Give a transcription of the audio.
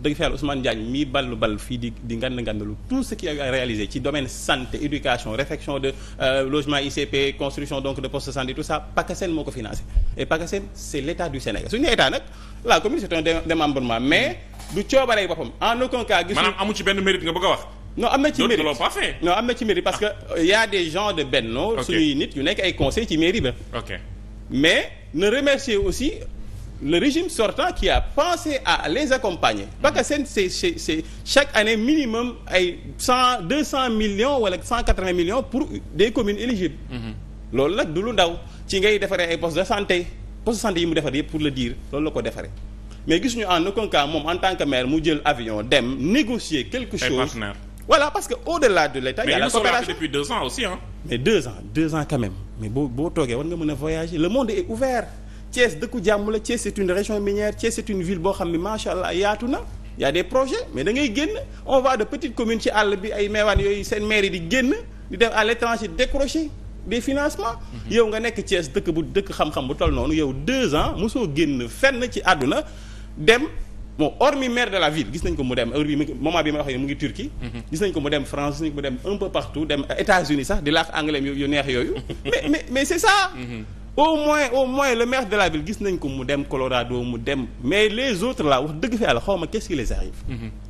wax dëgg fa yàlla Ousmane Diagne mii ballu fii di di ngand ngandalu tout ce qui a réalisé ci domaine santé éducation réfection de euh, logement ICP construction donc de postes de santé tout ça PACASEN moo ko financé et PACASEN c'est l'état du Sénégal suñu ne état nag la commune c'est un démembrement mais du coobaree boppam en aucun cas gisul maanaam amu ci benn mérite nga bëgg wax non am na ci mérite parce que ah. y a des de Benno suñuy nit yu nekk le régime sortant qui a pensé à les accompagner parce que seen c'est c'est chaque année minimum ay cent deux cent millions wala cent quatre-vingts millions pour des communes éligibles mhm. loolu nag du lu ndaw ci ngay defaree ay postes de santé postes de santé yi mu defar yëpp pour le dire loolu la ko defaree mais gis ñu en aucun cas moom en tant que maire mu jël avion dem négocier quelque chose voilà parce que au-delà de l'État il a la coopération mais depuis deux ans boo toogee war nga mën a voyager le monde Thiès dëkku jàmm la Thiès c'est une région minière Thiès c'est une ville boo xam ne macha allah yaatu na y a des projets mais da ngay génn on va de petites communes ci àll bi ay meewaan yooyu seen maire di génn di def à l'étranger décrocher des financements. Mhm. yow nga nekk Thiès dëkk bu dëkk xam-xam bu toll noonu yow deux ans mosoo génn fenn ci àdduna dem. bon hormis maire de la ville gis nañ ko mu dem heure bi moment bi ma waxee mu ngi Turquie. Mhm. gis nañ ko mu dem France gis nañ ko mu dem un peu sax di laax anglais yu neex yooyu. Mhm. mais au moins au moins le maire de la ville gis nañ ko mu dem Colorado mu dem mais les autres là wax dëgg fi yàlla xaw ma qu'est-ce les arrive. Mm-hmm.